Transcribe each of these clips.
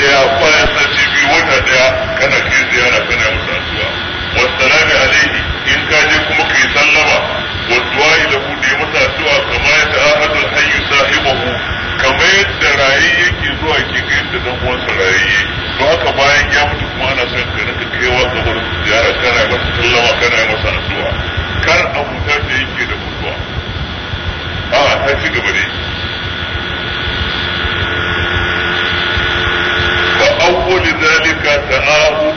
daya bayan sati biyu wata daya kana kai ziyara kana musu addu'a wassalamu alaihi in ka je kuma kai sallama wa du'a'i da bude da masa addu'a kamar yadda ahadul hayyu sahibahu kamar yadda rayi yake zuwa ke ga yadda dan uwansa rayi to haka bayan ya mutu kuma ana son ka rinka kaiwa gabar ziyara kana masa sallama kana masa addu'a kar abuta da yake da mutuwa a'a ta ci gaba dai أول ذلك تعاهده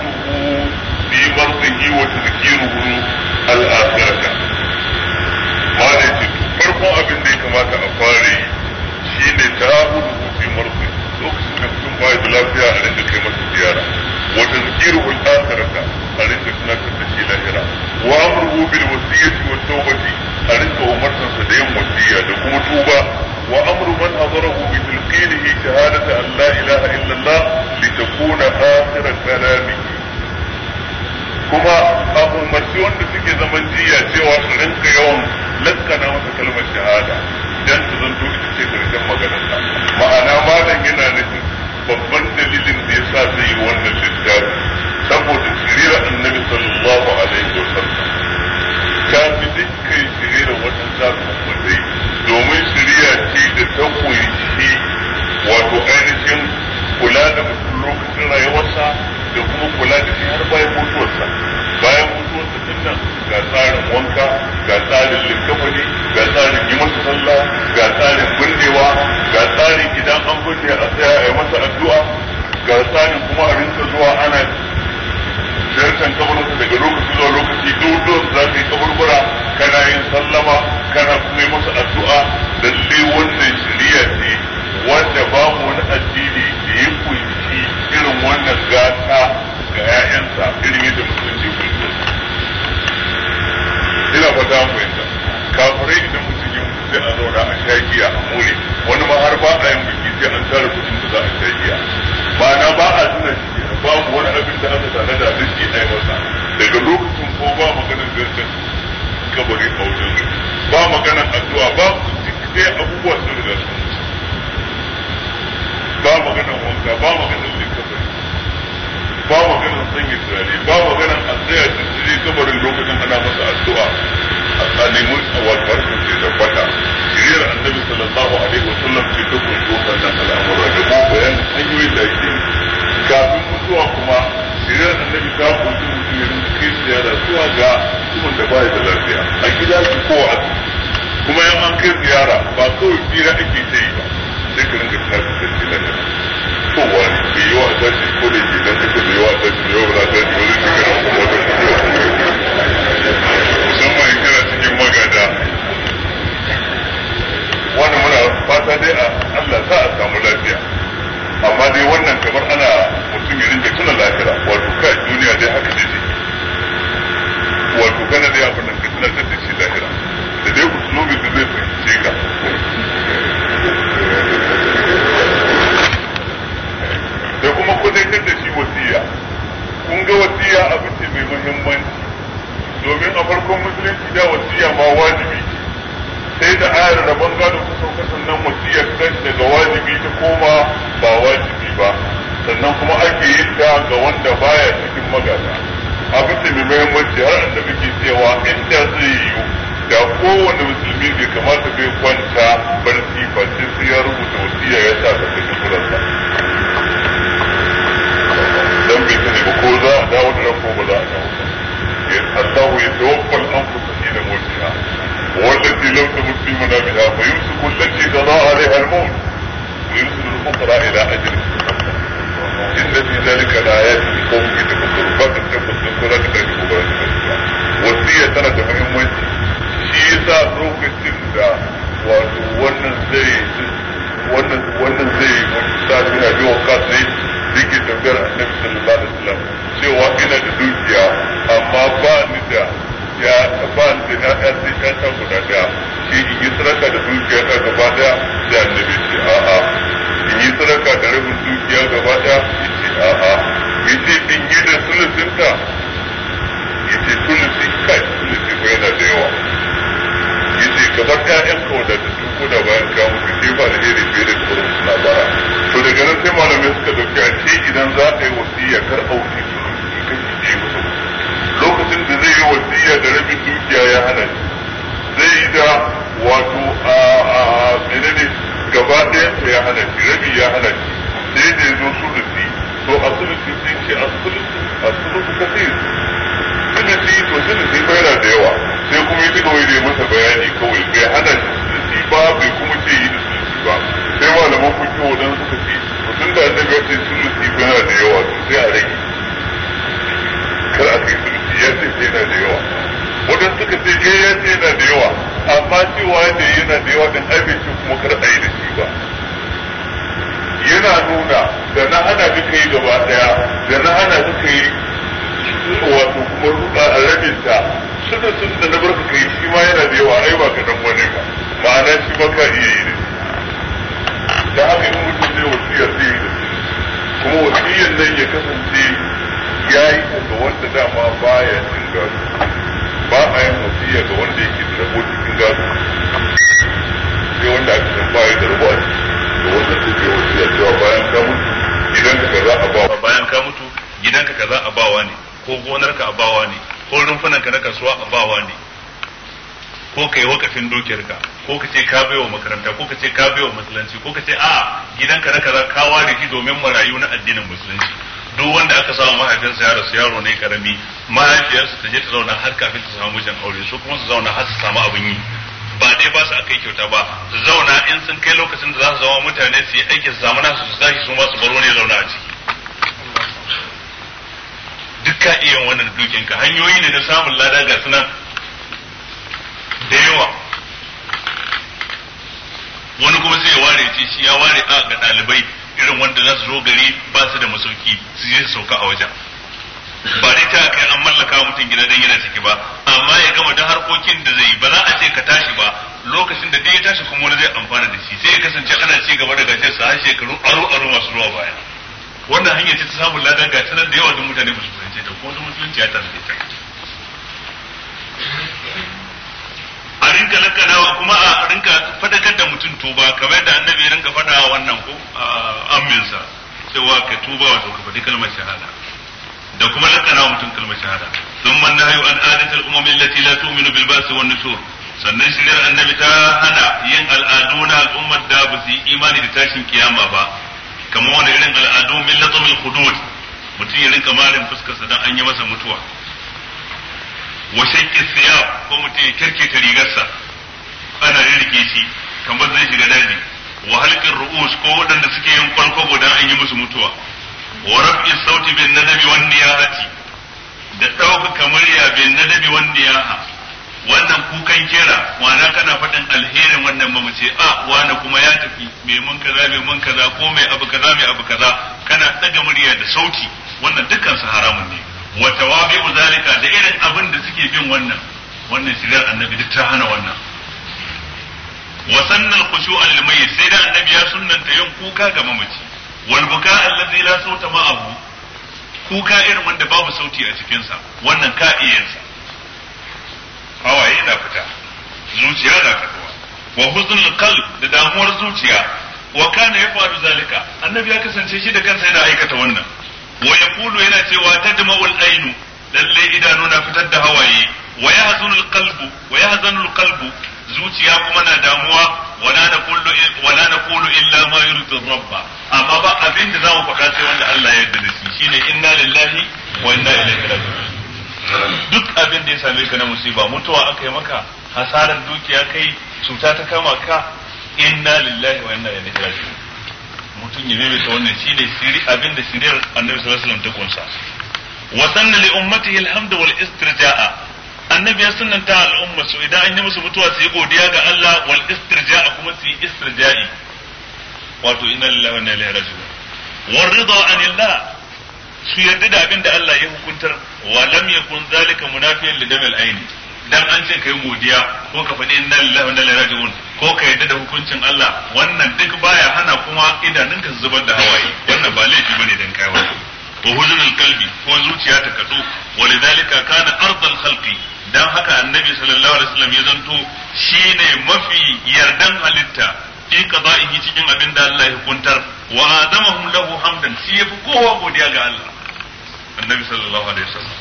في بطنه وتذكيره الآخرة ما نجد فرق أبن دي كما تأفاري شين تعاهده في مرضه lokacin da mutum ba da lafiya a rinka kai masa ziyara wa tazkiruhu al-akhirata a rinka tunatar da shi lahira wa amruhu bil wasiyati wat tawbati a rinka umartansa da yin wasiya da kuma tuba وأمر من أمره بتلقينه شهادة أن لا إله إلا الله لتكون آخر كلامه kuma a umarci wanda suke zaman jiyya cewa su rinka yawan lakkana masa kalmar shahada dan su zanto ita ce karshen maganarsa ma'ana malam yana nufin babban dalilin da yasa zai yi wannan littafi saboda sirar annabi sallallahu alaihi wasallam zuwa ga mutumin da bai da lafiya a gida su ko a kuma yan an kai ziyara ba so fira ake ta yi ba sai ka rinka ta da shi ko to wani bai yi wa a tashi ko da ke dan ko da yi wa a tashi yau da wa a wani ba zai shiga a kuma da shi musamman in kira cikin magada wani muna fata dai a Allah sa a samu lafiya amma dai wannan kamar ana mutum ya rinka tuna lafiya wato kai duniya dai haka dai wato kana da abin nan ka ta da shi lahira da dai ku usulubin da zai fahimce ka da kuma ku dai da shi wasiya kun ga wasiya abu ce mai muhimmanci domin a farkon musulunci da wasiya ma wajibi sai da ayar banga da kusan kasan nan wasiya ta daga wajibi ta koma ba wajibi ba sannan kuma ake yin ta ga wanda baya cikin magana abu ce mai muhimmanci har annabi ke cewa inda zai yiwu da kowane musulmi bai kamata bai kwanta barci face sai ya rubuta wasiya ya sa ta cikin kuransa dan bai sani ba ko za a dawo da ran ko ba za a dawo Allah ya tawaffa al-anfus hina mawtiha والتي لم تمت في منامها فيمسك التي قضى عليها الموت ويرسل الأخرى إلى أجل إن في ذلك الآيات لقوم يتفكرون فقد تفكر lokacin da na barka kai shi ma yana da yawa ai ba ka dan wani ba ma'ana shi ba ka iya yi ne da haka in mutum zai wasiyar zai yi da kuma wasiyar nan ya kasance ya yi ga wanda dama ba ya cin gado ba a yin wasiya ga wanda yake da rabo cikin gado sai wanda aka san baya da rabo a ciki da wanda suke wasiya cewa bayan ka mutu gidanka kaza a bawa bayan ka mutu gidanka kaza a bawa ne ko gonarka a bawa ne ko rumfunan ka na kasuwa a bawa ne ko ka yi wakafin ko ka ce ka wa makaranta ko ka ce ka wa musulunci ko ka ce a gidanka na kaza ka ware shi domin marayu na addinin musulunci duk wanda aka samu mahaifinsa ya rasu yaro ne karami mahaifiyarsa ta je ta zauna har kafin ta samu wajen aure su kuma su zauna har su samu abin yi ba dai ba su aka yi kyauta ba su zauna in sun kai lokacin da za su zama mutane su yi aikin su samu nasu su tashi su ma su baro ne zauna a ciki ka iya wannan dukin ka hanyoyi ne na samun lada ga suna da yawa wani kuma sai ya ware ce shi ya ware a ga ɗalibai irin wanda za su zo gari ba su da masauki su je su sauka a wajen ba dai ta kai an mallaka mutum gida dan yana ciki ba amma ya gama da harkokin da zai ba za a ce ka tashi ba lokacin da dai ya tashi kuma wani zai amfana da shi sai ya kasance ana ci gaba da gashin sa har shekaru aro aro masu ruwa baya wannan hanya ce ta samun lada ga tanar da yawa don mutane musu fahimce ta ko wasu musulunci ya tanar da ta a rinka lakanawa kuma a rinka fadakar da mutum tuba kamar yadda annabi ya rinka fada wannan ko amminsa cewa ka tuba wato ka faɗi kalmar shahada da kuma lakanawa mutum kalmar shahada sun man nahayu an adatul umami allati la tu'minu bil ba'si wan nushur sannan shiryar annabi ta hana yin al'adu na al'ummar da ba su yi imani da tashin kiyama ba kamar wani irin al'adu min latamil hudud mutum ya rinka fuskar fuskarsa dan an yi masa mutuwa wa shakki siya ko mutum ya kirkita rigarsa ana rirke shi kamar zai shiga daji wa halqin ru'us ko waɗanda suke yin kwalkwabo dan an yi musu mutuwa wa raf'i sauti bin nadabi wan niyahati da ɗaukaka murya bin nadabi wan niyaha wannan kukan kera wana kana faɗin alherin wannan ba mu ce a ah, wani kuma ya tafi mai mun kaza mai mun kaza ko mai abu kaza mai abu kaza kana daga murya da sauti wannan dukkan su haramun ne wa tawabi'u zalika da irin abin da suke bin wannan wannan shirar annabi duk ta hana wannan wa sannan khushu'a lil mayyit sai da annabi ya sunnanta yin kuka ga mamaci wal buka allazi la sauta ma'ahu kuka irin wanda babu sauti a cikin sa wannan ka iyansa hawaye na fita zuciya na kaduwa wa huznul kal da damuwar zuciya wa kana yaf'alu zalika annabi ya kasance shi da kansa yana aikata wannan wa kulu yana cewa tadma'ul ainu lalle idanu na fitar da hawaye wa yahzanul qalbu wa zuciya kuma na damuwa wala na kulu illa ma yurdi rabba amma ba abin da za mu faɗa sai wanda Allah ya yarda da shi shine inna lillahi wa inna ilaihi raji'un duk abin da ya same ka na musiba mutuwa aka yi maka hasarar dukiya kai cuta ta kama ka inna lillahi wa inna ilaihi raji'un mutum ya maimaita wannan shi ne siri abin da siriyar annabi sallallahu alaihi wasallam ta kunsa wa sanna li ummatihi alhamdu wal istirja'a annabi ya sunnanta al al'umma su idan an yi musu mutuwa su yi godiya ga Allah wal istirja'a kuma su yi istirja'i wato inna lillahi wa inna ilaihi raji'un war rida anillah su yarda da abin da Allah ya hukuntar wa lam yakun zalika munafiyan li damil aini dan an ce kai godiya ko ka faɗi inna lillahi wa inna ilaihi raji'un ko ka yarda da hukuncin Allah wannan duk baya hana kuma idanunka su zubar da hawaye wannan ba laifi bane dan kai wannan wa huzunul qalbi ko zuciya ta kadu wa lidhalika kana ardal khalqi dan haka annabi sallallahu alaihi wasallam ya zanto shine mafi yardan halitta fi qada'ihi cikin abin da Allah ya hukuntar wa adamahum lahu hamdan shi yafi kowa godiya ga Allah annabi sallallahu alaihi wasallam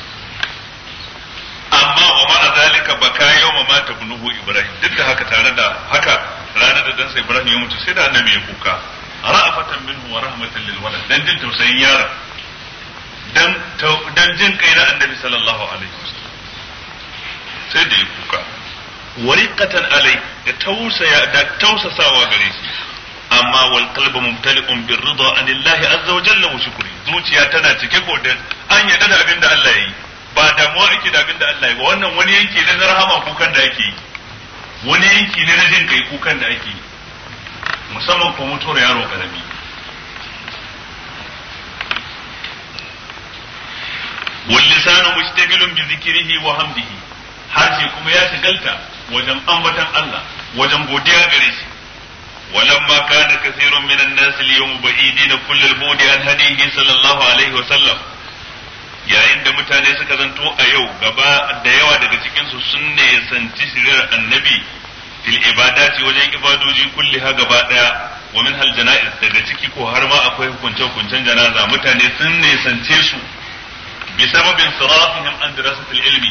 amma wa ma zalika baka yawma mata tabnuhu ibrahim duk da haka tare da haka ranar da dansa ibrahim ya mutu sai da annabi ya kuka ra'afatan minhu wa rahmatan lil walad dan jin tausayin yaron dan dan jin kai na annabi sallallahu alaihi wasallam sai da ya kuka wariqatan alai da tausaya da tausasawa gare shi amma wal qalbu mumtali'un bir rida anillahi azza wa jalla wa shukri zuciya tana cike ko da an yi da abin da Allah yi ba damuwa ake da abin da Allah yi ba wannan wani yanki ne na rahama kukan da ake yi wani yanki ne na jin kai kukan da ake yi musamman ko mutuwar yaro karami واللسان مشتغل hamdihi har harshe kuma ya shigalta wajen ambatan Allah wajen godiya gare shi ولما كان كثير من الناس اليوم بعيدين كل البعد عن هديه صلى الله عليه وسلم yayin da mutane suka zanto a yau gaba da yawa daga cikinsu sun ne sanci shirar annabi fil ibadati wajen ibadoji kulli ha gaba daya wa min hal janaiz daga ciki ko har ma akwai hukuncen hukuncen janaza mutane sun ne sance su bi sababin sirafihim an dirasatil ilmi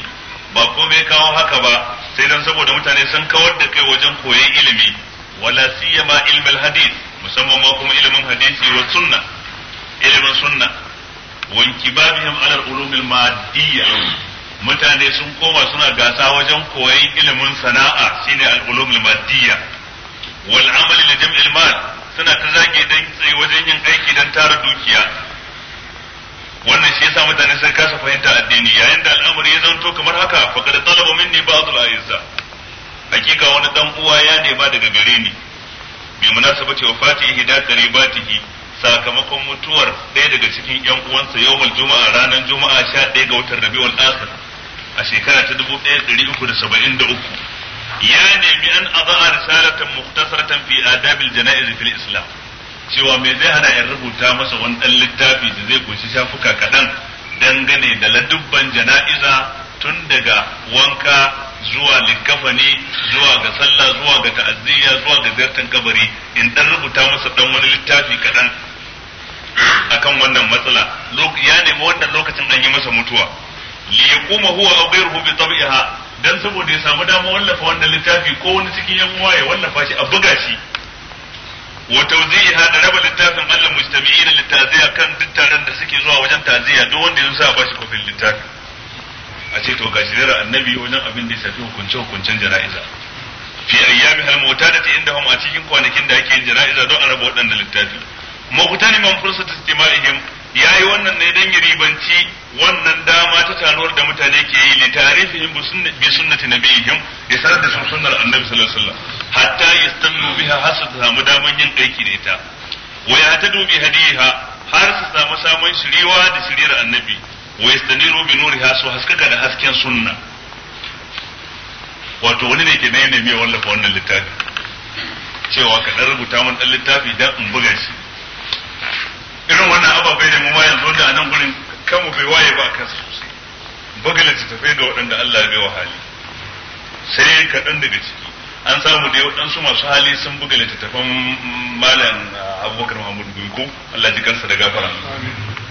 ba komai kawo haka ba sai dan saboda mutane sun kawar da kai wajen koyon ilimi wala siyama ilmul hadith musamman ma kuma ilimin hadisi wa sunna ilimin sunna wankibabihim ala ulumil madiyya mutane sun koma suna gasa wajen koyon ilimin sana'a shine al-ulumil madiyya wal amal li jam'il mal suna ta zage dan tsaye wajen yin aiki dan tara dukiya wannan shi yasa mutane sun kasa fahimta addini yayin da al'amari ya zanto kamar haka faqad talaba minni ba'dul a'izza hakika wani dan uwa ya ne ba daga gare ni bi munasabati wafatihi da qaribatihi sakamakon mutuwar ɗaya daga cikin yan uwansa yawmul juma'a ranar juma'a 11 ga watan rabiul akhir a shekara ta 1373 ya nemi an aza'a risalatan mukhtasaratan fi adabil janaiz fil islam cewa me zai hana in rubuta masa wani ɗan littafi da zai kunshi shafuka kaɗan dangane da ladubban jana'iza tun daga wanka zuwa likafani zuwa ga sallah zuwa ga ta'aziyya zuwa ga ziyartar kabari in dan rubuta masa ɗan wani littafi kaɗan akan wannan matsala ya nemi wannan lokacin an yi masa mutuwa li yaquma huwa aw ghayruhu bi tab'iha dan saboda ya samu dama wallafa wannan littafi ko wani cikin yan uwa ya wallafa shi a buga shi wa tawzi'iha da raba littafin allan mujtami'in litaziya kan dukkan da suke zuwa wajen ta'ziya duk wanda ya sa ba shi kofin littafi a ce to gashi da annabi wajen abin da ya shafi hukunce hukuncen jana'iza fi ayyami al-mutadati indahum a cikin kwanakin da ake yin jana'iza don a raba waɗannan littafi mabutani man fursatu ya yayi wannan ne dan ribanci wannan dama ta taruwar da mutane ke yi li tarifihim bi sunnati nabiyihim ya sanar da su sunnar annabi sallallahu alaihi wasallam hatta yastamilu biha har su samu daman yin aiki da ita wa ta bi hadiha har su samu samun shiriwa da shiriyar annabi wa yastaniru bi nuriha su haskaka da hasken sunna wato wani ne ke ne mai wallafa wannan littafi cewa ka dan rubuta mun dan littafi dan in buga shi irin wannan ababai ne mu ma yanzu da a nan gurin kanmu bai waye ba kansu sosai buga littattafai da waɗanda Allah ya bai wa hali sai kaɗan daga ciki an samu da waɗansu masu hali sun buga littattafan malam abubakar mahmud guiko Allah ji kansa da gafara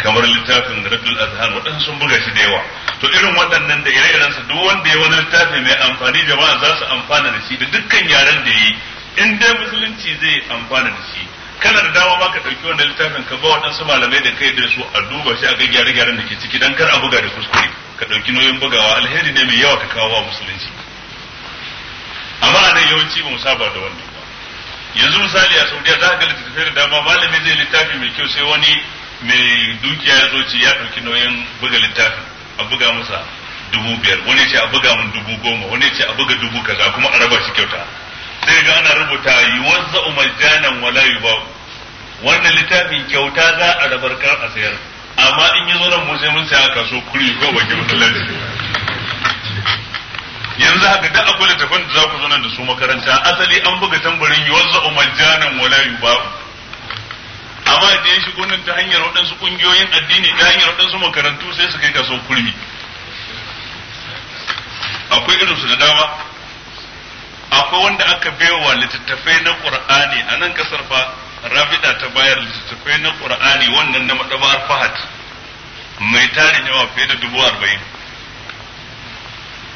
kamar littafin radul azhar waɗansu sun buga shi da yawa to irin waɗannan da ire-iren su duk wanda ya wani littafi mai amfani jama'a za su amfana da shi da dukkan yaren da yi in dai musulunci zai amfana da shi kana da dama ma ka ɗauki wannan littafin ka ba waɗansu malamai da kai da su a duba shi a ga gyare-gyaren da ke ciki dan kar a buga da kuskure ka ɗauki nauyin bugawa alheri ne mai yawa ka kawo wa musulunci amma a nan yawanci ba mu saba da wannan ba yanzu misali a saudiya za a ga littattafai da dama malami zai littafi mai kyau sai wani mai dukiya ya zo ci ya ɗauki nauyin buga littafin a buga masa dubu biyar wani ce a buga mun dubu goma wani ce a buga dubu kaza kuma a raba shi kyauta sai ga ana rubuta yuwazza'u janan wala yuba'u wannan littafin kyauta za a rabar kar a sayar amma in yi zoron mu sai mun saya a kaso kuri ko bakin masallaci yanzu haka duk akwai littafin da za ku zo nan da su makaranta asali an buga tambarin yuwazza'u janan wala yuba'u amma da ya shigo nan ta hanyar waɗansu ƙungiyoyin addini ta hanyar waɗansu makarantu sai su kai kaso kurmi akwai irinsu da dama akwai wanda aka baiwa littattafai na qur'ani a nan kasar fa rabida ta bayar littattafai na qur'ani wannan na madabar fahad mai tarin yawa fiye da dubu arba'in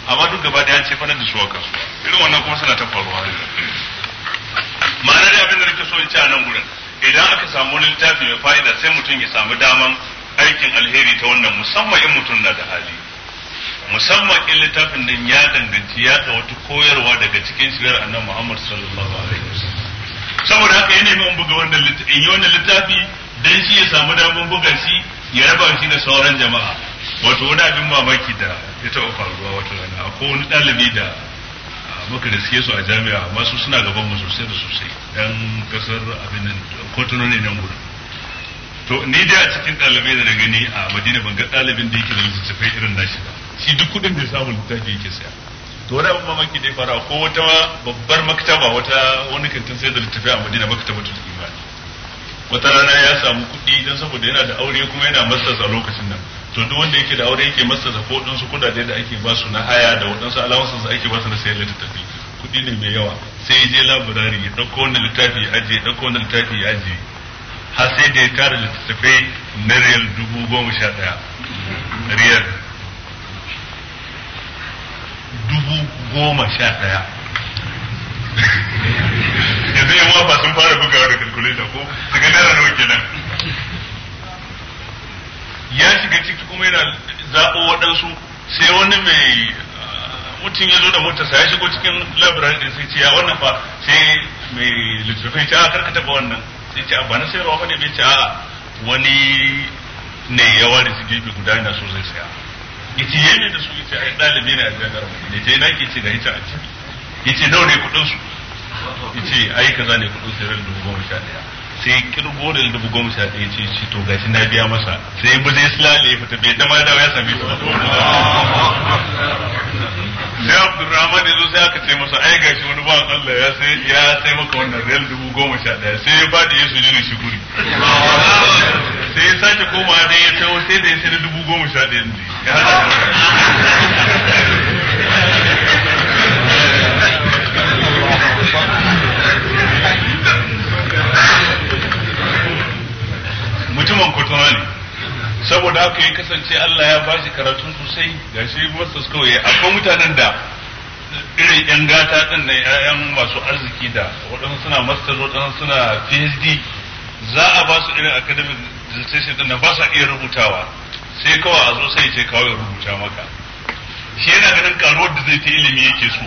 amma duk gaba daya ce fana da su haka irin wannan kuma suna ta faruwa ma'ana da abin da nake so in ci a nan gurin idan aka samu wani littafi mai fa'ida sai mutum ya samu daman aikin alheri ta wannan musamman in mutum na da hali musamman in littafin nan ya danganci ya da wata koyarwa daga cikin shigar annan Muhammad sallallahu alaihi wasallam saboda haka yana neman buga wannan littafi in yi wannan littafi dan shi ya samu damar buga shi ya raba shi da sauran jama'a wato wani abin mamaki da ya taɓa faruwa wata rana akwai wani ɗalibi da muka riske su a jami'a masu suna gaban mu sosai da sosai yan kasar abin nan kotunan ne nan gudu to ni dai a cikin ɗalibai da na gani a madina ban ga ɗalibin da yake da littattafai irin nashi ba shi duk kuɗin da ya samu littafi yake saya to wani abin mamaki da ya fara ko wata babbar maktaba wata wani kantin sayar da littafi a madina maktabatul imani wata rana ya samu kuɗi don saboda yana da aure kuma yana masarsa lokacin nan to duk wanda yake da aure yake masarsa ko ɗinsu kudade da ake ba su na haya da waɗansu alawansu da ake ba su na sayar da littafi kuɗi ne mai yawa sai ya je labarari ya ɗauko wani littafi ya ajiye ɗauko wani littafi ya ajiye har sai da ya tara littattafai na riyal dubu goma sha ɗaya riyal goma sha ɗaya yanzu yan wafa sun fara bugawa da calculator ko su ga naira nawa kenan ya shiga ciki kuma yana zaɓo waɗansu sai wani mai ah, mutum ya zo da sai ya shigo cikin labirin da sai ce ya wannan fa sai mai littattafai ce a ah, karkata ba wannan sai ce a ah, ba na sayarwa ba ne bai ce a wani ne ya ware su gefe guda yana so zai saya yace yana da su yace ai dalibi ne a jami'ar Madina yace na ke ce ga yace a ciki yace nawa ne kudin su yace ai kaza ne kudin sai dubu goma sha daya sai kirgo da dubu goma sha daya yace shi to gashi na biya masa sai ba zai silale ya fita bai dama dawa ya same su sai Abdurrahman yazo sai aka ce masa ai gashi wani ba Allah ya sai ya sai maka wannan real dubu goma sha daya sai ya bada ya sujudu shi guri sai ya sake koma dai ya tawo sai da ya sai dubu goma sha daya ne mutumin kotona ne saboda haka ya kasance Allah ya bashi karatu sosai ga shi masters kawai akwai mutanen da irin yan gata din na yayan masu arziki da waɗansu suna masters waɗansu suna PhD za a ba su irin academic dissertation din na ba sa iya rubutawa sai kawai a zo sai ce kawai rubuta maka shi yana ganin karuwar da zai ta ilimi yake so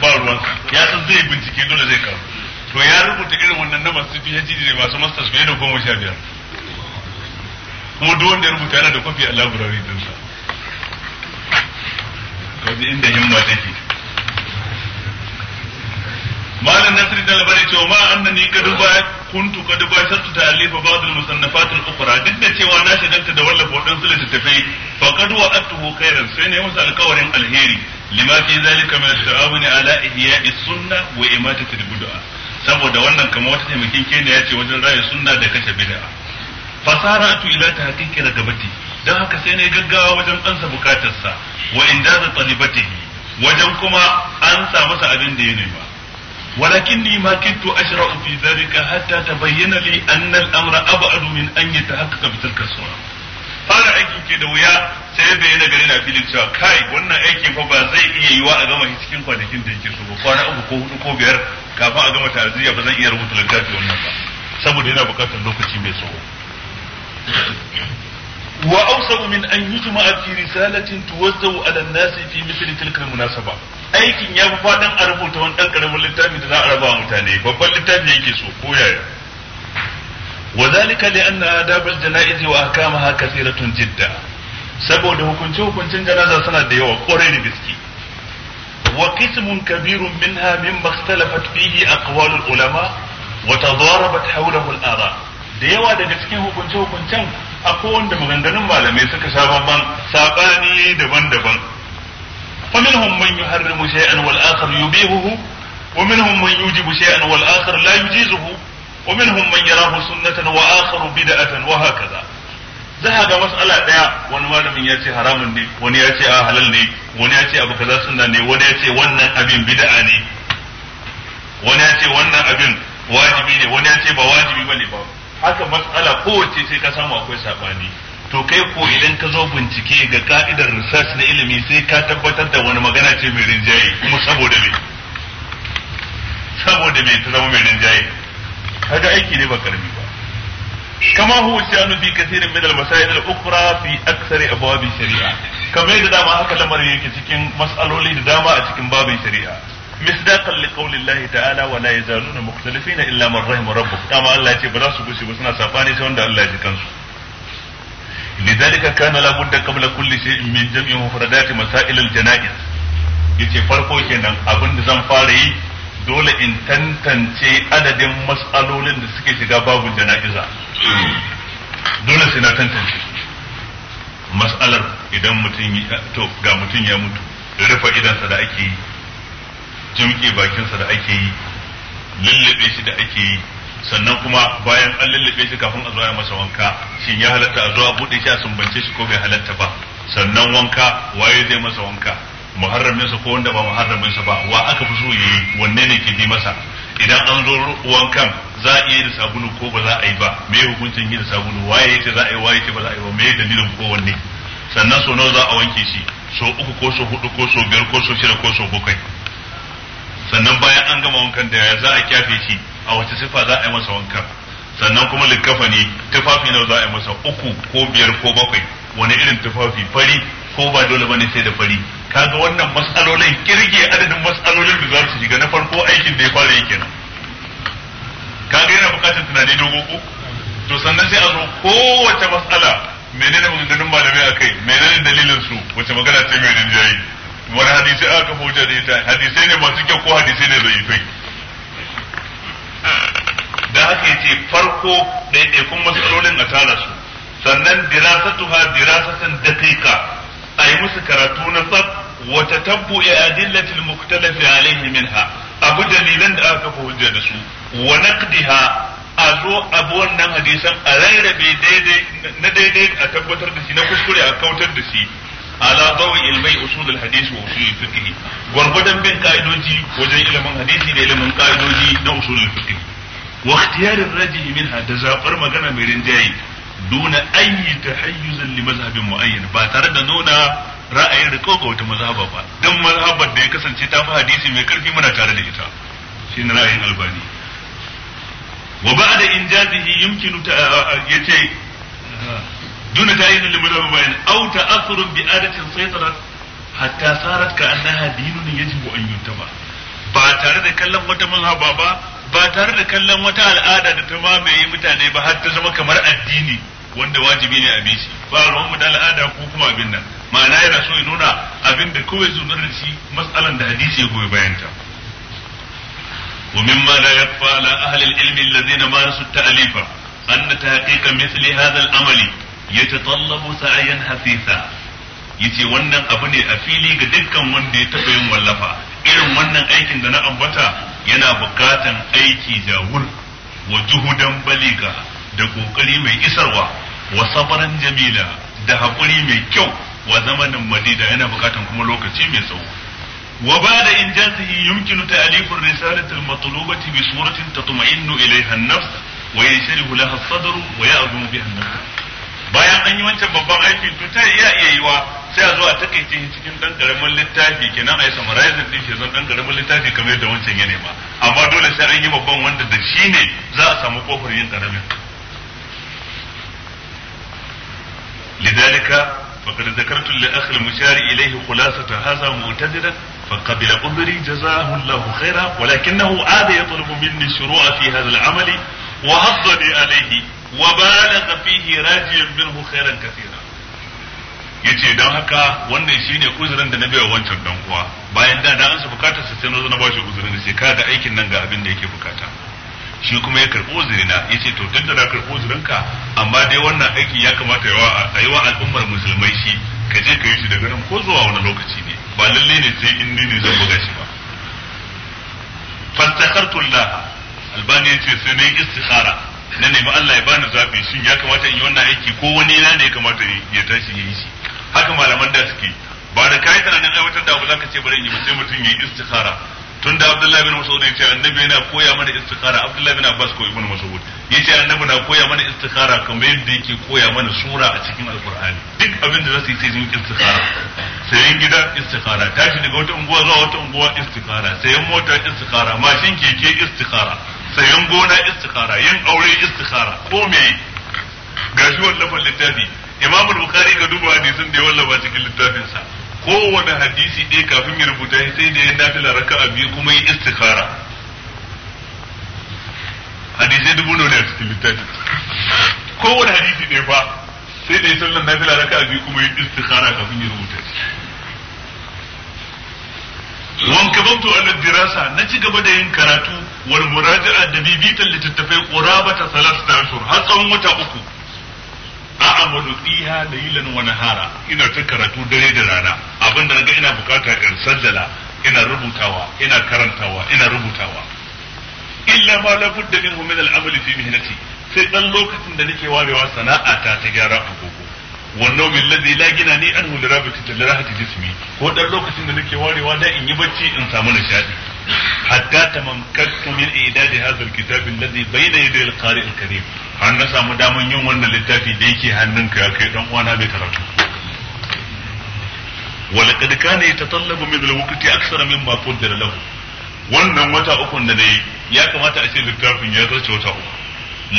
ba ruwan ya san zai bincike dole zai karu to ya rubuta irin wannan na masu PhD da masu masters bai da goma sha biyar kuma duk wanda ya rubuta yana da kwafi a library din sa kaji inda himma take malam nasri da labari cewa ma annani kad ba kuntu kad ba sattu ta'alifa ba'd al-musannafat al-ukhra duk da cewa na shagalta da wallafa wadansu littattafai fa kad wa'atuhu khairan sai ne masa alƙawarin alheri lima fi zalika min at-ta'awun ala ihya'i sunnah wa imatati al-bid'ah saboda wannan kamar wata taimakin kene ya ce wajen raya sunna da kashe bid'a tu ila daga ragabati dan haka sai ne gaggawa wajen ansa bukatarsa wa za talibatihi wajen kuma an sa masa abin da ya nema walakin ni ma kintu ashra fi dhalika hatta tabayyana li anna al-amra ab'adu min an yatahaqqaqa bi tilka sura fara aiki ke da wuya sai bai yana gari na filin cewa kai wannan aiki fa ba zai iya yiwa a gama cikin kwanakin da yake so ba kwana uku ko hudu ko biyar kafin a gama ta'aziyya ba zan iya rubuta littafi wannan ba saboda yana bukatar lokaci mai tsawo وأوسع من أن يجمع في رسالة توزع على الناس في مثل تلك المناسبة aikin ya fi faɗin a rubuta wani ɗan ƙaramin littafi da za a mutane babban littafi yake so ko yaya wa zalika li anna adabal janaiz wa ahkamaha kathiratun jidda saboda hukunce hukuncin janaza suna da yawa ƙwarai da biski. wa qismun kabirun minha mimma ikhtalafat fihi aqwalul ulama wa tadarabat hawlahu al-ara' da yawa daga cikin hukunce-hukuncen akwai maganganun malamai suka sha bamban sabani daban-daban فمنهم من يحرم شيئا والآخر يبيهه ومنهم من يوجب شيئا والآخر لا يجيزه ومنهم من يراه سنة وآخر بدعة وهكذا ذهب مسألة ديا wani malamin ya ce haramun ne wani ya ce a halal ne wani ya ce abu kaza sunna ne wani ya ce wannan abin bid'a ne wani ya ce wannan abin wajibi ne wani ya ce ba wajibi ba haka matsala kowace sai ka samu akwai sabani to kai ko idan ka zo bincike ga ka'idar research na ilimi sai ka tabbatar da wani magana ce mai rinjaye kuma saboda me saboda me ta zama mai rinjaye kaga aiki ne ba karami ba kama huwa shanu fi kathirin min al-masail al-ukhra fi abwab shari'a kamar yadda dama haka lamarin yake cikin mas'aloli da dama a cikin babin shari'a مصداقا لقول الله تعالى ولا يزالون مختلفين الا من رحم ربك كما الله يجي بلا su gushi ba suna safani sai wanda Allah ya ji kansu لذلك كان لابد قبل كل شيء من جمع مفردات مسائل الجنائز yace farko kenan abin da zan fara yi dole in tantance adadin mas'alolin da suke shiga babu jana'iza dole sai na tantance mas'alar idan mutum to ga mutum ya mutu rufe idansa da ake yi jimke bakinsa da ake yi lullube shi da ake yi sannan kuma bayan an lullube shi kafin a zo ya masa wanka shin ya halatta a zo a bude shi a sumbance shi ko bai halatta ba sannan wanka waye zai masa wanka muharraminsa ko wanda ba muharraminsa ba wa aka fi so yayi wanne ne ke bi masa idan an zo wankan za a iya da sabulu ko ba za a yi ba me hukuncin yi da sabulu waye yace za a yi waye yace ba za a yi ba me dalilin ko wanne sannan so nawa za a wanke shi so uku ko so hudu ko so biyar ko so shida ko so bakwai sannan bayan an gama wankan da yaya za a kyafe shi a wace sifa za a yi masa wanka sannan kuma likkafa ne tufafi nawa za a yi masa uku ko biyar ko bakwai wani irin tufafi fari ko ba dole bane sai da fari kaga wannan mas'alolin kirge adadin mas'alolin da za su shiga na farko aikin da ya fara yake na kaga yana bukatar tunani dogo ko to sannan sai a zo kowace mas'ala menene maganganun malamai akai menene dalilin su wace magana ce mai rinjaye wani hadisi aka kafa da ita hadisai ne masu kyau ko hadisai ne zai fai da haka ce farko ɗaiɗaikun matsalolin a tara su sannan dirasatu dirasatuha dirasatan a ayi musu karatu na tabbu ya tatabbu adillati al alaihi min minha abu dalilan da aka kafa da su wa naqdiha a zo abu wannan hadisan a rairabe daidai na daidai a tabbatar da shi na kuskure a kautar da shi ala dawi ilmai usul hadisi wa usul fiqh gurgudan bin kaidoji wajen ilimin hadisi da ilimin kaidoji na usul fiqh wa ikhtiyar ar-rajih minha da zabar magana mai rinjaye duna ayi tahayyuz li mazhabin muayyan ba tare da nuna ra'ayin riko ga wata mazhaba ba dan mazhabar da ya kasance ta fi hadisi mai karfi muna tare da ita shine ra'ayin albani wa ba'da injazihi yumkinu yace دون تعيين لمدى مبين أو تأثر بآلة سيطرت حتى صارت كأنها دين يجب أن ينتبه ba tare da kallon wata mazhaba ba ba tare da kallon wata al'ada da ta mamaye mutane ba har ta zama kamar addini wanda wajibi ne a bishi ba ruwan mu da al'ada ko kuma abin nan ma'ana yana so ya nuna abin da kawai da nuna shi matsalan da hadisi ya goyi bayan ta ومما لا يخفى على أهل العلم الذين talifa التأليف أن تحقيق مثل هذا amali. yatatallabu sa'yan hafifa yace wannan abu ne a fili ga dukkan wanda ya taɓa yin wallafa irin wannan aikin da na ambata yana bukatan aiki jawur wa juhudan baliga da ƙoƙari mai isarwa wa sabaran jamila da haƙuri mai kyau wa zamanin madida yana buƙatan kuma lokaci mai tsawo wa ba'da injazihi yumkinu ta'lif ar-risalati al-matlubati bi suratin tatma'innu ilayha an-nafs wa yansharihu laha as-sadru wa ya'zumu biha an-nafs bayan an yi wancan babban aikin to ta iya iya yiwa sai a zo a takaice shi cikin dan karamin littafi kenan a yi summarizing din shi zan dan karamin littafi kamar yadda wancan ya nema amma dole sai an yi babban wanda da shi ne za a samu kofar yin karamin لذلك فقد ذكرت لأخ المشار إليه خلاصة هذا معتذرا فقبل عذري جزاه الله خيرا ولكنه عاد يطلب مني الشروع في هذا العمل وهضني عليه wa balagha fihi rajiyan minhu khairan kathira yace dan haka wannan shine uzurin da na bai wancan dan uwa bayan da da an su bukatar sa sai na bashi uzurin sai kaga aikin nan ga abin da yake bukata shi kuma ya karbi uzurina yace to duk da na karbi uzurinka amma dai wannan aiki ya kamata a yi al'ummar musulmai shi ka je ka yi shi daga nan ko zuwa wani lokaci ne ba lalle ne sai in ni ne zan buga shi ba fastakartu Allah albani yace sai na yi istikhara na nemi Allah ya bani zafi shin ya kamata in yi wannan aiki ko wani na ne ya kamata ya tashi ya yi shi haka malaman da suke ba da kai tunanin aiwatar da abu zaka ce bari in yi sai mutum ya yi istikhara tun da Abdullahi bin Mas'ud ya ce annabi yana koya mana istikhara Abdullahi bin Abbas ko Ibn Mas'ud ya ce annabi na koya mana istikhara kamar yadda yake koya mana sura a cikin alkur'ani duk abin da za yi sai sun istikhara sayan gida istikhara tashi daga wata unguwa zuwa wata unguwa istikhara sayan mota istikhara mashin keke istikhara sayan gona istikhara yin aure istikhara ko me gashi wallafan littafi imamu bukhari ka duba hadisin da ya wallafa cikin littafinsa kowane hadisi ɗaya kafin ya rubuta shi sai da ya nafila raka'a biyu kuma yi istikhara hadisai dubu ne a cikin littafi kowane hadisi ɗaya fa sai da ya sallan nafila raka'a biyu kuma yi istikhara kafin ya rubuta shi wankabamtu ala na ci gaba da yin karatu wal muraja'a da bibitan littattafai qurabata salasta ashur har tsawon wata uku a amadu fiha wani hara nahara ina ta karatu dare da rana abinda naga ina bukata in sajjala ina rubutawa ina karantawa ina rubutawa illa ma la budda minhu min al-amal fi sai dan lokacin da nake warewa sana'a ta ta gyara agogo wannan min ladhi la gina ni anhu li rabati lirahati jismi ko dan lokacin da nake warewa da in yi bacci in samu nishaɗi. hatta tamakkatu min idad hadha alkitab alladhi da yaday alqari alkarim har na samu daman yin wannan littafi da yake hannunka ya kai dan uwana mai karatu ولقد كان يتطلب من الوقت اكثر مما قدر له wannan wata ukun da nayi ya kamata a ce littafin ya zarce wata uku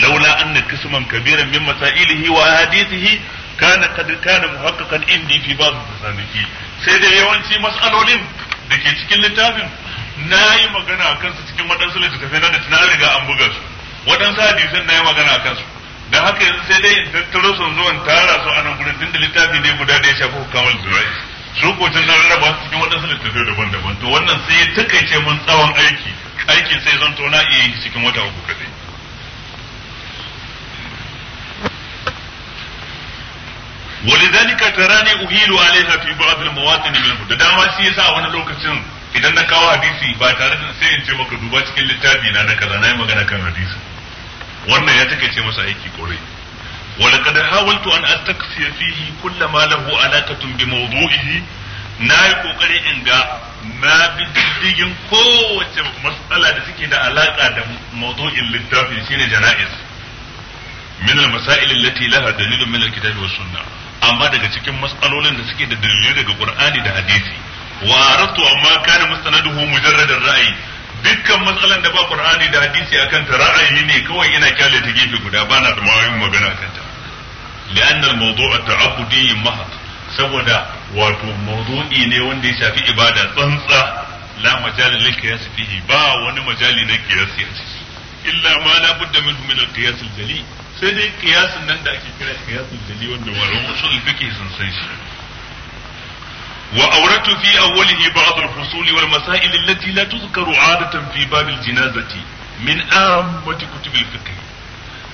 laula anna kisman kabiran min masailihi wa hadithihi kana kadir kana muhaqqaqan indi fi ba'd tasaniki sai da yawanci mas'alolin da ke cikin littafin na yi magana a kansu cikin waɗansu littattafai na da tunan riga an buga su waɗansu hadisan na yi magana a kansu da haka yanzu sai dai in tattaro sun zuwan tara su a nan gurin tun da littafi ne guda da ya shafi hukamar zira'i su ko tun nan raba su cikin waɗansu littattafai daban-daban to wannan sai ya takaice mun tsawon aiki aikin sai zan tona iya yi cikin wata uku kaɗai ولذلك تراني أهيل عليها في بعض المواطن منه da dama shi yasa a wani lokacin idan na kawo hadisi ba tare da sai in ce maka duba cikin littafi na na kaza nayi magana kan hadisi wannan ya take ce masa aiki kore ولقد حاولت أن أستكفي فيه كل ما له علاقة بموضوعه nayi kokari in ga na bi diddigin kowace matsala da suke da alaka da mawdu'in littafin shine jana'iz min al-masail allati laha dalilun min al-kitabi was-sunnah amma daga cikin matsalolin da suke da dalilai daga qur'ani da hadisi wa aratu amma kana mustanaduhu mujarradar ra'ayi dukkan matsalan da ba qur'ani da hadisi akan ta ra'ayi ne kawai ina kyale ta gefe guda ba na da magana akan ta li'anna al-mawdu'u ta'abbudi mahd saboda wato mawdu'i ne wanda ya shafi ibada tsantsa la majali lil qiyas fihi ba wani majali na qiyasi a ciki illa ma la budda minhu min al-qiyas al-jali' sai dai kiyasin nan da ake kira kiyasin dali wanda walau usul fiqh sun san shi wa awratu fi awwalihi ba'd al-fusul wal masail allati la tuzkaru 'adatan fi bab al-janazati min ammati kutub al-fiqh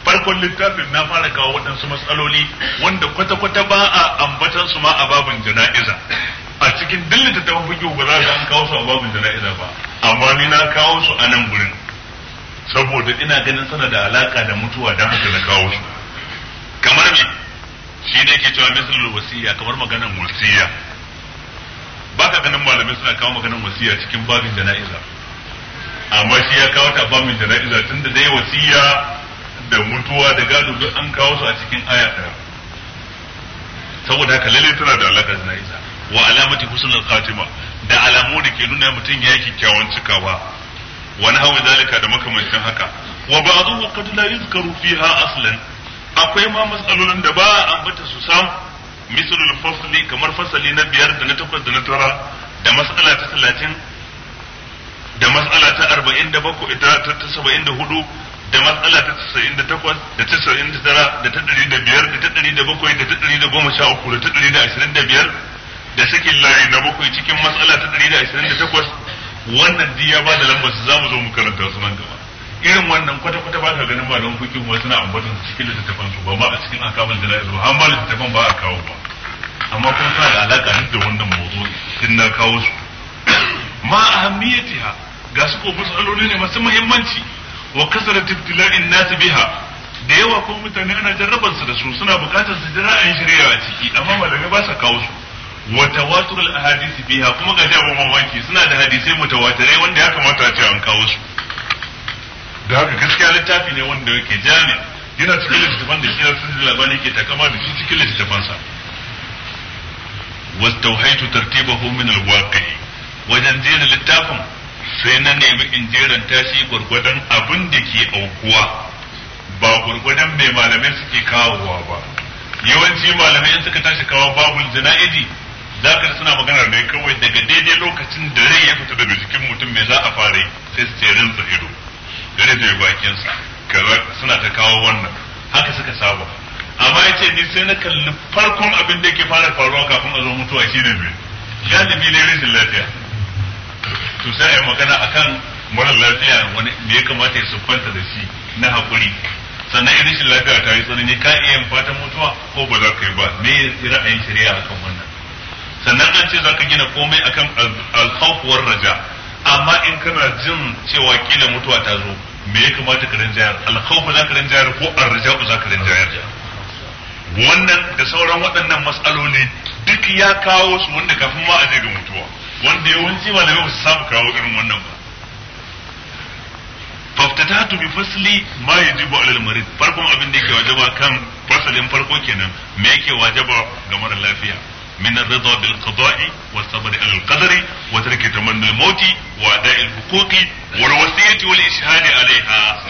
farkon littafin na fara kawo waɗansu matsaloli wanda kwata-kwata ba a ambatan su ma a babin jana'iza a cikin dillata ta mafi ba za a kawo su a babin jana'iza ba amma ni na kawo su a nan gurin saboda ina ganin sana da alaka da mutuwa don haka na kawo su kamar me shi ne ke cewa misalul wasiya kamar maganar wasiya ba ka ganin malamai suna kawo maganan wasiya cikin babin jana'iza amma shi ya kawo ta babin jana'iza da dai wasiya da mutuwa da gado duk an kawo su a cikin aya ɗaya saboda haka lalle tana da alaka da jana'iza wa alamati husnul khatima da alamu da ke nuna mutum ya yi kyakkyawan cikawa wani hawa zalika da makamancin haka wa ba'dhu qad la yuzkaru fiha aslan akwai ma matsalolin da ba a ambata su sam misalul fasli kamar fasali na biyar da na takwas da na tara da mas'ala ta talatin da mas'ala ta arba'in da bakwai ta saba'in da hudu da matsala ta tasa'in da takwas da tasa'in da tara da ta ɗari da biyar da ta ɗari da bakwai da ta ɗari da goma sha uku da ta ɗari da ashirin da biyar da sakin layi na bakwai cikin matsala ta ɗari da ashirin da takwas wannan duk ya bada lambar su zamu zo mu karanta su nan gaba irin wannan kwata kwata ba ka ganin ba malaman fiqh kuma suna ambatan su cikin littattafan su ba ma a cikin akabul jana'iz ba littattafan ba a kawo ba amma kuma suna da alaka duk da wannan mawdu'i din na kawo su ma ahammiyatiha ga su ko ne masu muhimmanci wa kasarat ibtila'in nas biha da yawa kuma mutane ana jarrabansa da su suna bukatar su ji ra'ayin shirya a ciki amma malamai ba sa kawo su wa tawaturul ahadisi biha kuma ga jabo mamaki suna da hadisai mutawatirai wanda ya kamata a ce an kawo su da haka gaskiya littafi ne wanda yake jami yana cikin littafin da shirar sun labari ke takama da shi cikin wa wastauhaitu tartibahu min alwaqi wajen jera littafin sai na nemi in jeran tashi gurgudan abin da ke aukuwa ba gurgudan mai malamai suke kawowa ba yawanci malamai in suka tashi kawo babul jana'idi zaka suna magana ne kawai daga daidai lokacin da rai ya fita daga jikin mutum mai za a fara yi sai su ce su ido da ya bakinsa kaza suna ta kawo wannan haka suka saba amma ya ce ni sai na kalli farkon abin da ke fara faruwa kafin a zo mutuwa shi ne mai galibi ne rashin lafiya to sai a yi magana akan mara lafiya wani me ya kamata ya siffanta da shi na haƙuri sannan irin rashin lafiya ta yi tsanani ka iya yin fatan mutuwa ko ba za ka yi ba me ra'ayin shari'a akan wannan sannan an ce zaka gina komai akan alkhawfuwar raja amma in kana jin cewa kila mutuwa ta zo me ya kamata ka za alkhawfu zaka rinjayar ko ka zaka rinjayar wannan da sauran waɗannan matsaloli duk ya kawo su wanda kafin ma a je ga mutuwa wanda yawanci malamai ba su samu kawo irin wannan ba فافتتحت بفصل ما يجب على المريض farkon abin da yake wajaba kan fasalin farko kenan me yake wajaba ga mara lafiya من الرضا بالقضاء والصبر على القدر وترك تمنى الموت وأداء الحقوق والوصية والإشهاد عليها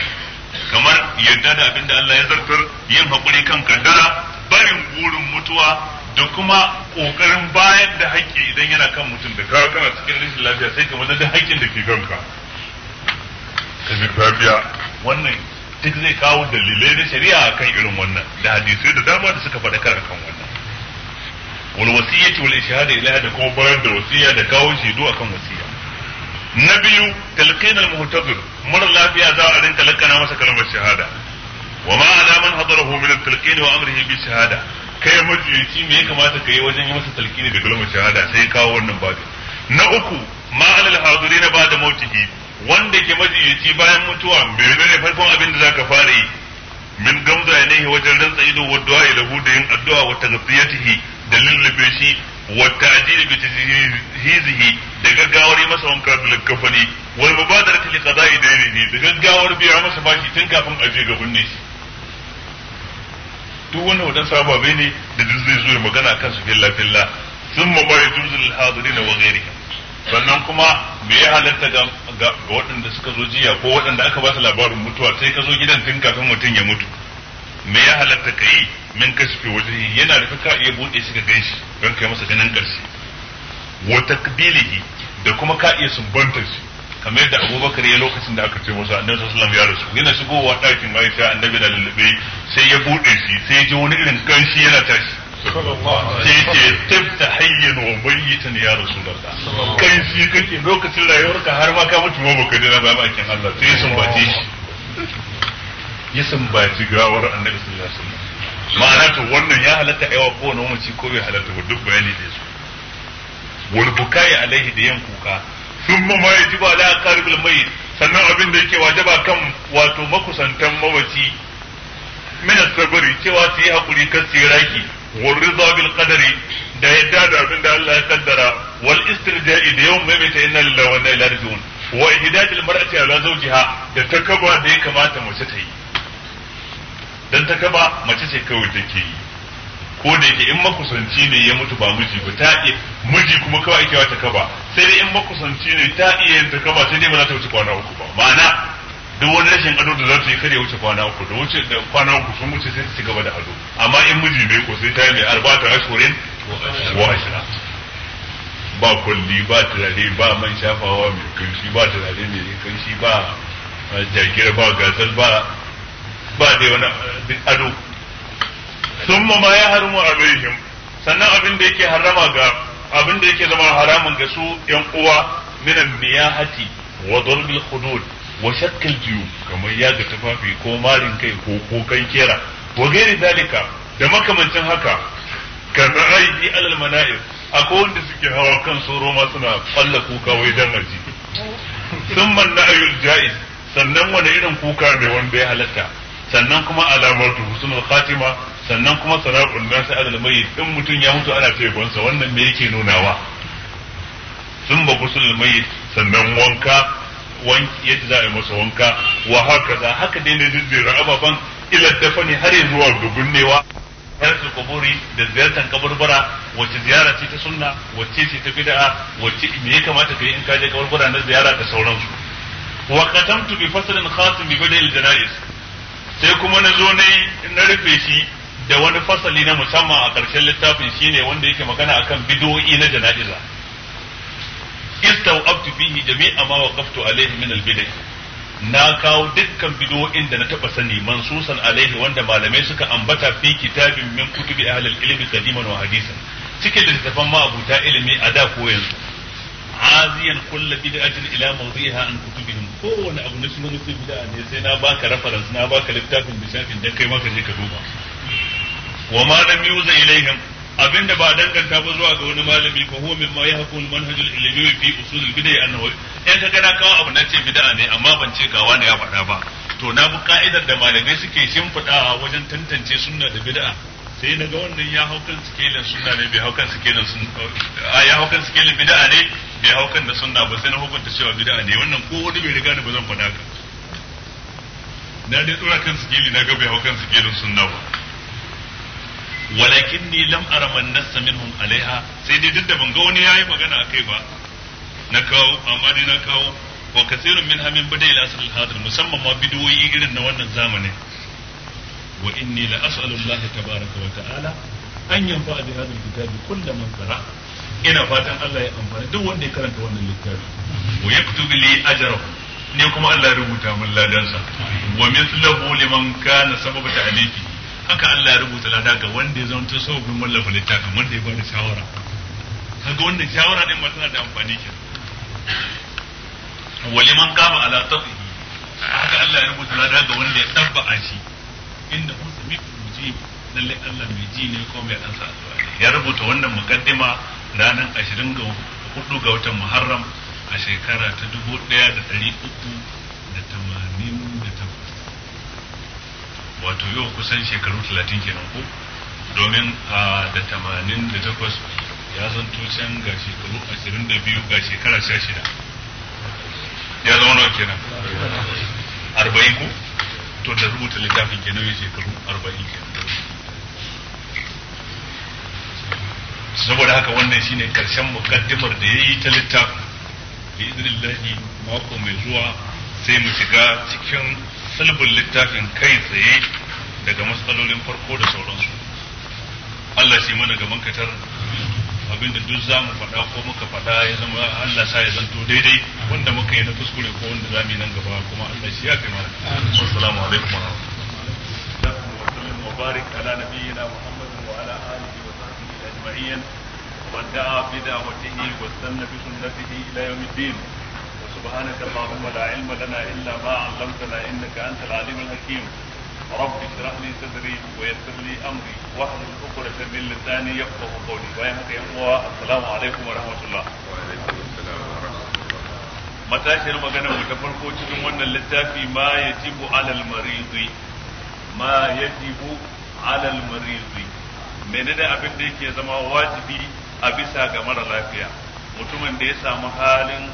kamar yadda da abinda Allah ya zartar yin haƙuri kan kaddara barin burin mutuwa da kuma ƙoƙarin bayar da haƙƙi idan yana kan mutum da kawo kana cikin lafiya sai ka madadin haƙƙin da ke kanka ka zirfafiya wannan duk zai kawo dalilai na shari'a akan irin wannan da hadisai da dama da suka faɗakar kan wannan wal wasiyyati wal ishhad ilaha da kuma bayar da wasiya da kawo shaidu kan wasiya na biyu talqin al muhtadir mara lafiya za a rinka lakana masa kalmar shahada wa ma ala man hadarahu min al talqin wa amrihi bi shahada kai majiyaci me ya kamata kai wajen yi masa talqini da kalmar shahada sai kawo wannan babu na uku ma al hadirina bada wanda ke majiyaci bayan mutuwa ne farkon abin da zaka fara yi min gamza ne wajen rantsa ido wa du'a lahu da yin addu'a wa tagfiyatihi da lullube shi wa ta'jil bi tajhizihi da gaggawar masa wanka da kafani wal mubadarati li qada'i daynihi da gaggawar biya masa bashi tun kafin a je ga gunne shi duk wannan wadan sababai ne da duk zai zo magana kan su filla filla sun ma juzul hadirin wa ghairihi sannan kuma me ya halatta ga waɗanda suka zo jiya ko waɗanda aka ba su labarin mutuwa sai ka zo gidan tun kafin mutum ya mutu me ya halatta yi. min kashfi wajhihi yana da ka iya bude shi ka ganshi don kai masa ganin karshe wa takbilihi da kuma ka iya sumbantar shi kamar yadda abubakar ya lokacin da aka ce masa annabi sallallahu alaihi wasallam ya rasu yana shigowa ɗakin aisha annabi da lullube sai ya bude shi sai ya ji wani irin kanshi yana tashi sai ce tabta hayyan wa bayyitan ya rasulullah kai shi kake lokacin rayuwarka har ma ka mutu ma ka dina ba bakin Allah sai ya sumbace shi ya sumbaci gawar annabi sallallahu alaihi ma'ana to wannan ya halatta aiwa kowane mamaci ko bai halatta ba duk bayani da su wal bukai alaihi da yan kuka thumma ma yajibu ala qarbil mayyit sannan abin da yake wajaba kan wato makusantan mawaci min sabri cewa su yi hakuri kan su raki wal ridha bil qadari da yadda da abin da Allah ya kaddara wal istirja'i da yawan maimaita inna lillahi wa inna ilaihi raji'un wa ihdadil mar'ati ala zawjiha da takaba da ya kamata mace ta yi dan ta kaba mace ce kawai take yi ko da yake in makusanci ne ya mutu ba miji ba ta iya miji kuma kawai ake wata kaba sai dai in makusanci ne ta iya yin ta kaba sai dai ba za ta wuce kwana uku ba ma'ana duk wani rashin ado da za ta yi kare wuce kwana uku da wuce da kwana uku sun wuce sai ta ci gaba da ado amma in miji ne ko sai ta yi mai arba'atu ashirin wa ashirin. ba kulli ba turare ba man shafawa mai kanshi ba turare mai kanshi ba jagira ba gasar ba ba dai wani ado sun ma yahrumu alaihim sannan abin da yake harama ga abin da yake zama haramun ga su yan uwa minan miya hati wa darbil hudud wa shakkal jiyu kamar ya ga tufafi ko marin kai ko kokan kera wa gairi dalika da makamancin haka kamar aiki alal mana'ir akwai wanda suke hawa kan sauro ma suna falla kuka wai dan aji sun man na'ayul ja'iz sannan wani irin kuka ne wanda ya halatta sannan kuma alamatu husnul khatima sannan kuma sara'ul nasi alal mayyit in mutum ya mutu ana cegonsa wannan me yake nunawa sun ba gusul mayyit sannan wanka wanki yadda za a yi masa wanka wa haka za haka dai ne jujjera ababen ila dafani har ya zuwa dubunnewa ziyartar kuburi da ziyartar kaburbura wacce ziyara ce ta sunna wacce ce ta bid'a wacce me ya kamata kai in ka je kaburbura na ziyara da sauransu wa qatamtu bi faslin khatim bi badal janaiz sai kuma na zo na rufe shi da wani fasali na musamman a ƙarshen littafin shine wanda yake magana akan bid'o'i na jana'iza istawabtu fihi jami'a ma waqaftu alaihi min al na kawo dukkan bid'o'in da na taba sani mansusan alaihi wanda malamai suka ambata fi kitabin min kutubi ahlul ilmi qadiman wa hadisan cikin littafan ma abuta ilimi a da ko yanzu aziyan kullu bid'atin ila mawdi'iha an kutubihim kowane abu na sunan su bid'a ne sai na baka reference na baka littafin da shafin dan kai maka je ka duba wa ma lam yuza ilaihim abinda ba danganta ba zuwa ga wani malami ko huwa mimma yahqu al manhaj al ilmi fi usul al bid'a annahu ka gana kawo abu na ce bid'a ne amma ban ce ga ya faɗa ba to na bi ka'idar da malamai suke shimfiɗawa wajen tantance sunna da bida'a. sai na ga wannan ya hau kan sikelin sunna ne bai hau kan sikelin suna ya hau kan sikelin bid'a ne bai hau kan da suna ba sai na hukunta cewa bid'a ne wannan ko wani bai riga ni ba zan faɗa ka na dai tsura kan sikeli na ga bai hau kan sikelin suna ba ni lam ara man nassa minhum alaiha sai dai duk da ban ga wani yayi magana akai ba na kawo amma dai na kawo wa kasirun min hamin badai ila asr al-hadir musamman ma bidoyi irin na wannan zamanin wa inni la as'alu Allah tabaraka wa ta'ala an a bi hadha al-kitab kullu man qara ina fatan Allah ya amfana duk wanda ya karanta wannan littafi wa yaktub li ajrahu ne kuma Allah ya rubuta min ladansa wa mithluhu liman kana sababa ta'lifi haka Allah ya rubuta lada wanda ya zanta sababin wallafa littafin wanda ya bada shawara kaga wanda shawara din ma da amfani haka Allah ya rubuta wanda ya inda hu sami'u mujib lalle Allah mai ji ne ko mai ansa addu'a ya rubuta wannan mukaddima ranar 24 ga watan Muharram a shekara ta 1388 wato yau kusan shekaru 30 kenan ko domin a da 88 ya zanto can ga shekaru 22 ga shekara 16 ya zama nawa kenan 40 ko to da rubuta littafin ke nauyi shekaru arba'in ke saboda haka wannan shine karshen mukaddimar da ya yi ta littafin bi idinillahi mako mai zuwa sai mu shiga cikin sulbin littafin kai tsaye daga matsalolin farko da sauransu Allah shi mana gaban katar abinda duk za mu faɗa ko muka faɗa ya zama Allah sa ya zanto daidai wanda muka yi na kuskure ko wanda za mu yi nan gaba kuma Allah shi ya kai mana assalamu alaikum wa rahmatullahi wa barakatuh. ma رب اشرح لي صدري ويسر لي امري واحلل عقدة من لساني يفقه قولي ويا السلام عليكم ورحمة الله وعليكم السلام ورحمة الله matashiyar magana mu ta farko cikin wannan littafi ma yajibu alal maridi ma yajibu alal maridi menene abin da yake zama wajibi a bisa ga mara lafiya mutumin da ya samu halin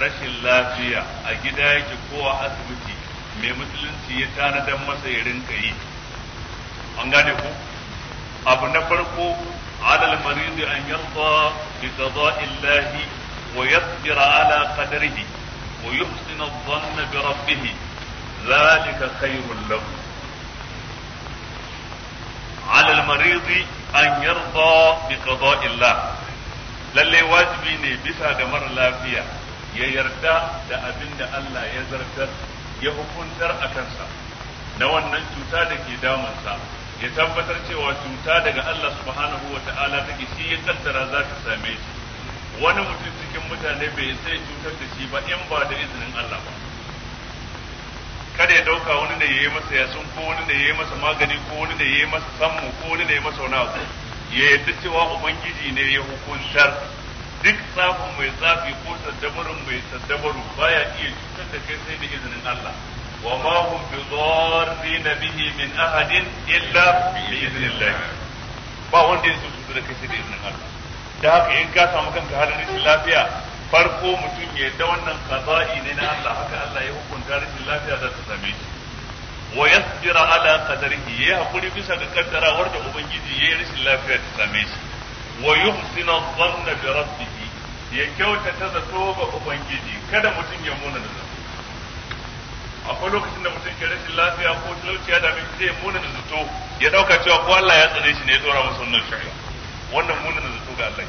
rashin lafiya a gida yake ko a asibiti mai musulunci ya tanadan masa ya rinka yi an gane ku abu na farko alal maridi an yarda bi qada'illahi wa yasbir ala qadarihi wa yuhsinu adh-dhanna bi rabbih dhalika khairul lahu alal maridi an yarda bi qada'illah lalle wajibi ne bisa da mara lafiya ya yarda da abinda Allah ya zartar ya hukuntar a kansa na wannan cuta da ke damansa ya tabbatar cewa cuta daga Allah subhanahu wa ta'ala take shi ya kaddara za ta same shi wani mutum cikin mutane bai sai cutar da shi ba in ba da izinin Allah ba kada ya dauka wani da yayi masa yasun ko wani da yayi masa magani ko wani da yayi masa sammu ko wani da yayi masa wani abu ya yadda cewa ubangiji ne ya hukuntar duk tsafin mai tsafi ko taddabarin mai ba baya iya cutar da kai sai da izinin Allah wa ma hum bi bihi min ahadin illa bi idnillah ba wanda yake cutar da kai sai da izinin Allah da haka in ka samu kanka halin rashin lafiya farko mutum ya da wannan qada'i ne na Allah haka Allah ya hukunta rashin lafiya da ta same shi wa yasbira ala qadarihi ya hakuri bisa ga kaddarawar da ubangiji yayi rashin lafiya ta same shi wa yuhsinu dhanna bi ya kyautata zato ga ubangiji kada mutum ya muna zato akwai lokacin da mutum ke rashin lafiya ko talauci ya dame zai muna zato ya dauka cewa ko Allah ya tsare shi ne ya tsora masa wannan wannan muna zato ga Allah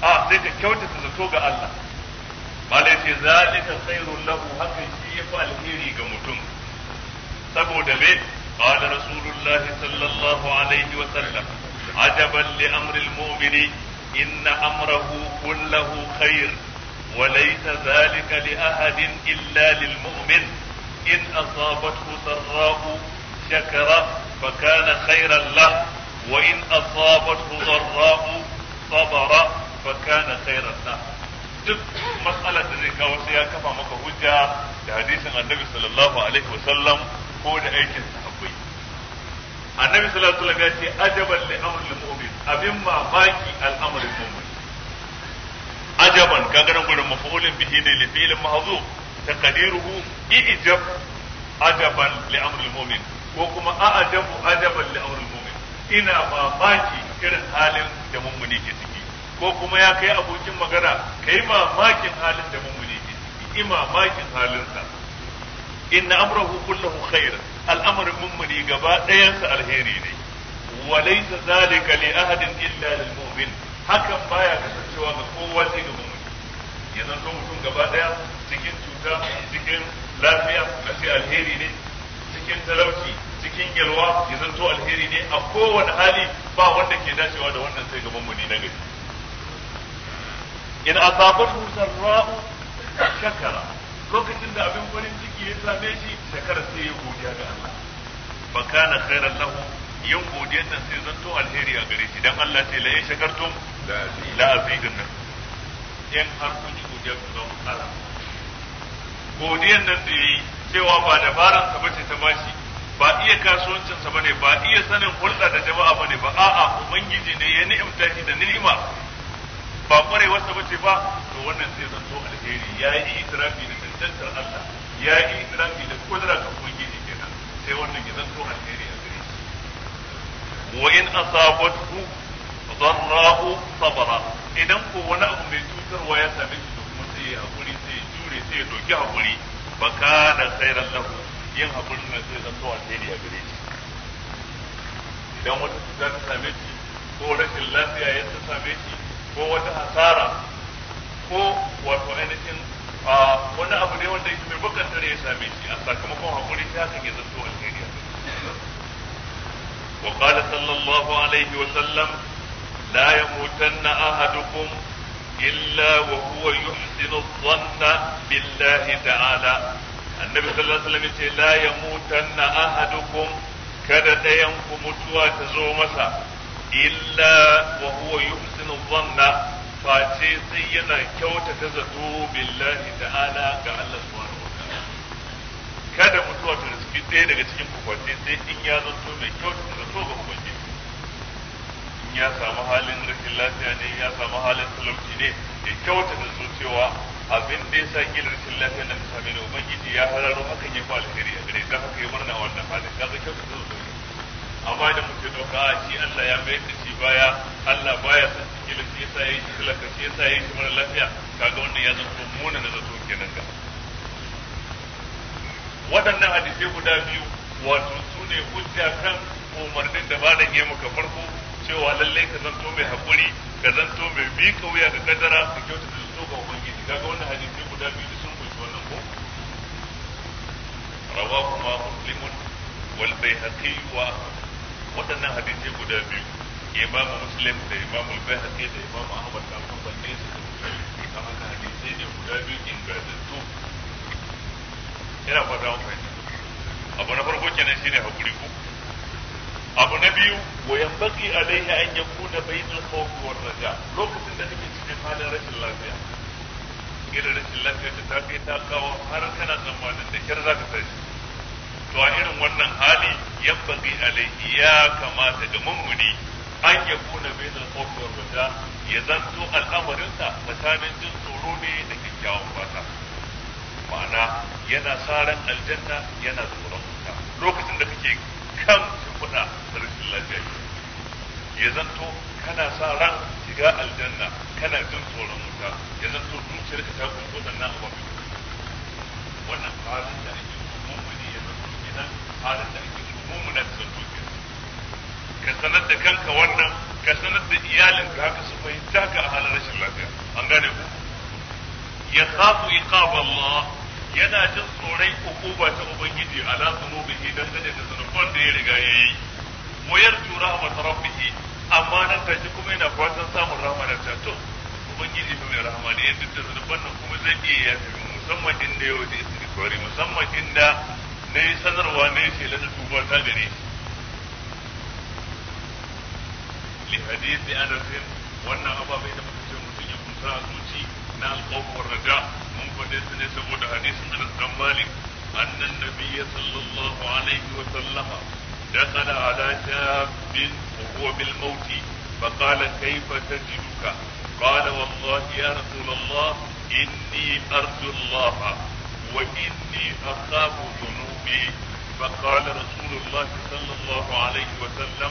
a sai ka kyautata zato ga Allah malai ce ta khairul lahu hakan shi ya fi alheri ga mutum saboda me qala rasulullahi sallallahu alaihi wa sallam عجبا لأمر المؤمن إن أمره كله خير وليس ذلك لأحد إلا للمؤمن إن أصابته سراء شكر فكان خيرا له وإن أصابته ضراء صبر فكان خيرا له duk matsalar da zai kawo sai ya kafa maka hujja da hadisin annabi sallallahu alaihi wasallam ko da aikinsa annabi sallallahu alaihi wasallam ya ce ajaban li mu'min abin mu'min ajaban kaga nan gurin mafulin bihi ne li taqdiruhu ijab ajaban li mu'min ko kuma a ajabu ajaban li amril mu'min ina irin halin da mummuni ke ciki ko kuma ya kai abokin magana kai mamakin halin da ke ciki halinsa inna amrahu kullahu khairan al'amarin mummuni gaba ɗayansa alheri ne walaysa zalika li ahadin illa lil mu'min hakan baya kasancewa ga kowa sai ga mummuni ya zanto mutum gaba ɗaya cikin cuta cikin lafiya a ce alheri ne cikin talauci cikin yalwa ya zanto alheri ne a kowane hali ba wanda ke dacewa da wannan sai ga mummuni na gari in asabatu sarra'u shakara lokacin da abin farin ciki ya same shi shekara sai ya godiya ga Allah fa kana khairan lahu yau godiya nan sai zanto alheri a gare shi dan Allah sai la in shakartum la nan in har kun ji godiya ku zo kala Godiyan nan da yi cewa ba dabaran sa bace ta bashi ba iya kasuwancin sa bane ba iya sanin hulɗa da jama'a bane ba a'a ubangiji ne ya ni'imta shi da ni'ima ba sa bace ba to wannan sai zanto alheri yayi itirafi da cancantar Allah ya yi ikirami da kudura ga ubangiji kenan sai wannan ya zanto alheri a gare shi wa in asabathu dharra'u sabara idan ko wani abu mai cutarwa ya same shi to kuma sai ya hakuri sai ya jure sai ya doki hakuri fa kana khairan lahu yin hakuri ne sai zanto alheri a gare shi idan wata cuta ta same shi ko rashin lafiya ya ta same shi ko wata hasara ko wato ainihin a wani abu ne wanda yake mai bukatar ya same shi a sakamakon hakuri ta hakan ya zanto alheri wa qala sallallahu alaihi wa sallam la yamutanna ahadukum illa wa huwa yuhsinu dhanna billahi ta'ala annabi sallallahu alaihi wa sallam yace la yamutanna ahadukum kada dayan ku mutuwa ta zo masa illa wa face sai yana kyautata zato billahi ta'ala ga Allah subhanahu wataala kada mutuwa ta riski ɗaya daga cikin kukwace sai in ya zato mai kyautata zato ga ubangiji in ya samu halin rashin lafiya ne ya samu halin talauci ne ya kyautata zato cewa abin da ya sa gil rashin lafiya na sami da ubangiji ya hararo hakan ya fi alheri a gare ta haka ya murna wannan halin kaga kyautata zato amma idan mutum ya ɗauka a shi Allah ya mayar da shi baya Allah baya san kila shi yasa yayi shi shi yasa yayi shi mara lafiya kaga wannan ya mona na zato kenan ga waɗannan hadisai guda biyu wato su ne hujja kan umarnin da ba da maka farko cewa lallai ka zanto mai haƙuri ka zanto mai bi ka kadara ka kyautata zato ga ubangiji kaga wannan hadisai guda biyu da sun kunshi wannan ko rawahu ma muslimun wal bayhaqi wa waɗannan hadisai guda biyu imam muslim da imam al da imam ahmad da abubuwan ne su da haka hadisai ne guda biyu ingantattu yana fata mun fahimta abu na farko kenan shine hakuri ko abu na biyu wa yanbaghi alaihi an yakuna bainal khawf war raja lokacin da kake cikin halin rashin lafiya irin rashin lafiya da ta kai ta kawo har kana zamanin da kyar zaka ka tashi to a irin wannan hali yanbaghi alaihi ya kamata ga mummuni an ya kuna bai da kofar rada ya zanto al'amarinsa tsakanin jin tsoro ne da kyakkyawan fata ma'ana yana sa ran aljanna yana tsoron wuta lokacin da kake kan shimfiɗa da rashin lafiya ya zanto kana sa ran shiga aljanna kana jin tsoron wuta ya zanto zuciyar ka ta kunshi waɗannan ababen wannan halin da ake mummuni ya zanto kenan halin da ake mummuna ta zanto ka sanar da kanka wannan ka sanar da iyalinka haka su fahimta ka a halin rashin lafiya an gane ku ya khafu iqab Allah yana jin tsoron ukuba ta ubangiji ala zunubihi dangane da zunuban da ya riga yayi wayar tura wa tarabbihi amma nan take kuma yana fatan samun rahama da ta to ubangiji fa mai rahama ne yadda da zunuban nan kuma zai iya yafi musamman inda yau da istighfari musamman inda na yi sanarwa ne yi shelar hadisi anasin wannan ababai da muka ce mutum ya kunsa a zuci na alƙawar raja mun faɗe su ne saboda hadisin anas dan malik annan nabiyya sallallahu alaihi wa sallama دخل على شاب وهو بالموت فقال كيف تجدك قال والله يا رسول الله إني أرجو الله وإني أخاف ذنوبي فقال رسول الله صلى الله عليه وسلم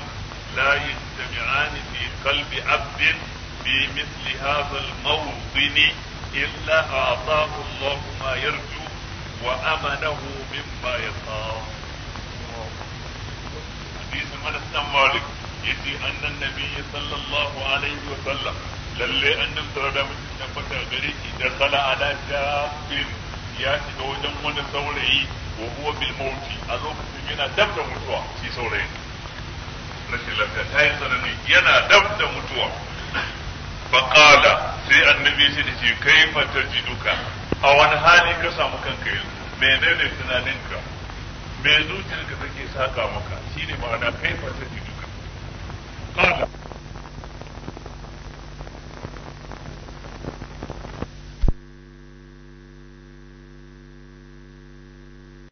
لا يجتمعان في قلب عبد في مثل هذا الموطن إلا أعطاه الله ما يرجو وأمنه مما يخاف حديث من مالك يدي أن النبي صلى الله عليه وسلم للي أن الدرجة من تنبت غريك دخل على شاب ya shiga wajen wani saurayi wa huwa bil mauti a lokacin yana dab da mutuwa shi saurayin rashin lafiya ta yi tsanani yana dab da mutuwa faƙala sai annabi shi da ce kai fatar duka a wani hali ka samu kanka yanzu menene tunaninka me zuciyarka take saka maka shine ma'ana kai fatar duka ƙala